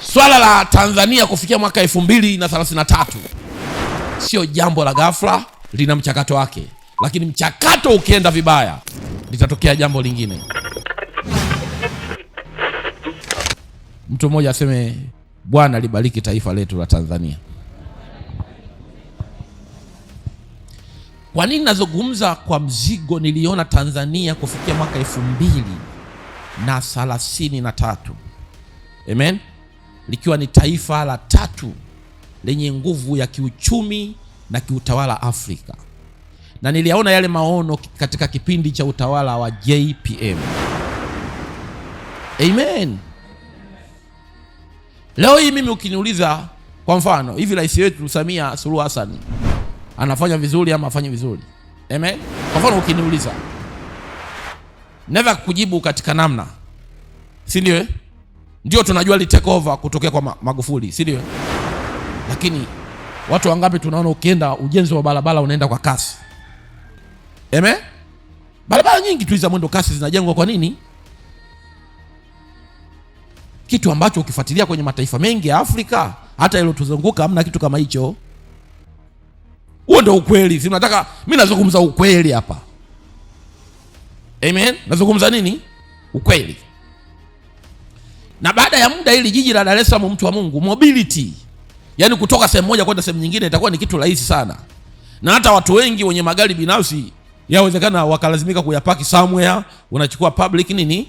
Swala la Tanzania kufikia mwaka elfu mbili na na tatu sio jambo la ghafla, lina mchakato wake, lakini mchakato ukienda vibaya litatokea jambo lingine. Mtu mmoja aseme Bwana libariki taifa letu la Tanzania. Kwa nini nazungumza kwa mzigo? Niliona Tanzania kufikia mwaka elfu mbili na thelathini na tatu. Amen likiwa ni taifa la tatu lenye nguvu ya kiuchumi na kiutawala Afrika, na niliyaona yale maono katika kipindi cha utawala wa JPM. Amen. Leo hii mimi ukiniuliza, kwa mfano hivi, rais wetu Samia Suluhu Hassan anafanya vizuri ama afanye vizuri? Amen. Kwa mfano ukiniuliza, never kukujibu katika namna, si ndio? Eh? Ndio tunajua li take over kutokea kwa Magufuli, si ndio? Lakini watu wangapi tunaona ukienda ujenzi wa barabara unaenda kwa kasi. Amen? Barabara nyingi tu za mwendo kasi zinajengwa kwa nini? Kitu ambacho ukifuatilia kwenye mataifa mengi ya Afrika hata ile tuzunguka hamna kitu kama hicho. Huo ndio ukweli. Si nataka mimi nazungumza ukweli hapa. Amen? Nazungumza nini? Ukweli na baada ya muda ili jiji la Dar es Salaam, mtu wa Mungu, mobility yaani kutoka sehemu moja kwenda sehemu nyingine itakuwa ni kitu rahisi sana, na hata watu wengi wenye magari binafsi yawezekana wakalazimika kuyapaki somewhere, unachukua public nini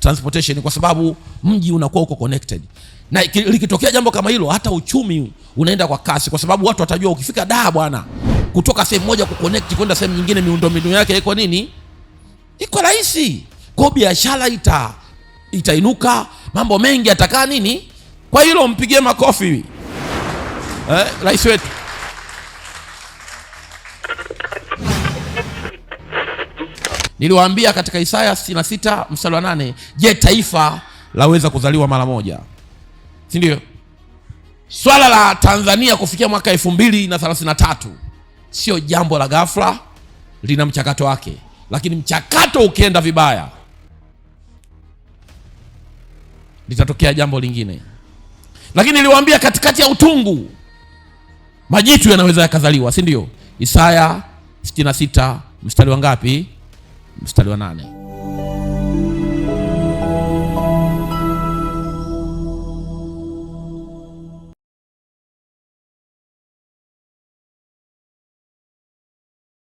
transportation, kwa sababu mji unakuwa uko connected. Na likitokea jambo kama hilo, hata uchumi unaenda kwa kasi, kwa sababu watu watajua ukifika Dar bwana, kutoka sehemu moja kuconnect kwenda sehemu nyingine, miundombinu yake iko nini, iko rahisi, kwa biashara ita itainuka mambo mengi atakaa nini. Kwa hilo mpigie makofi eh, rais wetu. Niliwaambia katika Isaya 66 mstari wa 8, je, taifa laweza kuzaliwa mara moja? Si ndio? Swala la Tanzania kufikia mwaka elfu mbili na thelathini na tatu sio jambo la ghafla, lina mchakato wake, lakini mchakato ukienda vibaya litatokea jambo lingine. Lakini niliwaambia katikati ya utungu majitu yanaweza yakazaliwa, si ndio? Isaya 66 mstari wa ngapi? Mstari wa nane.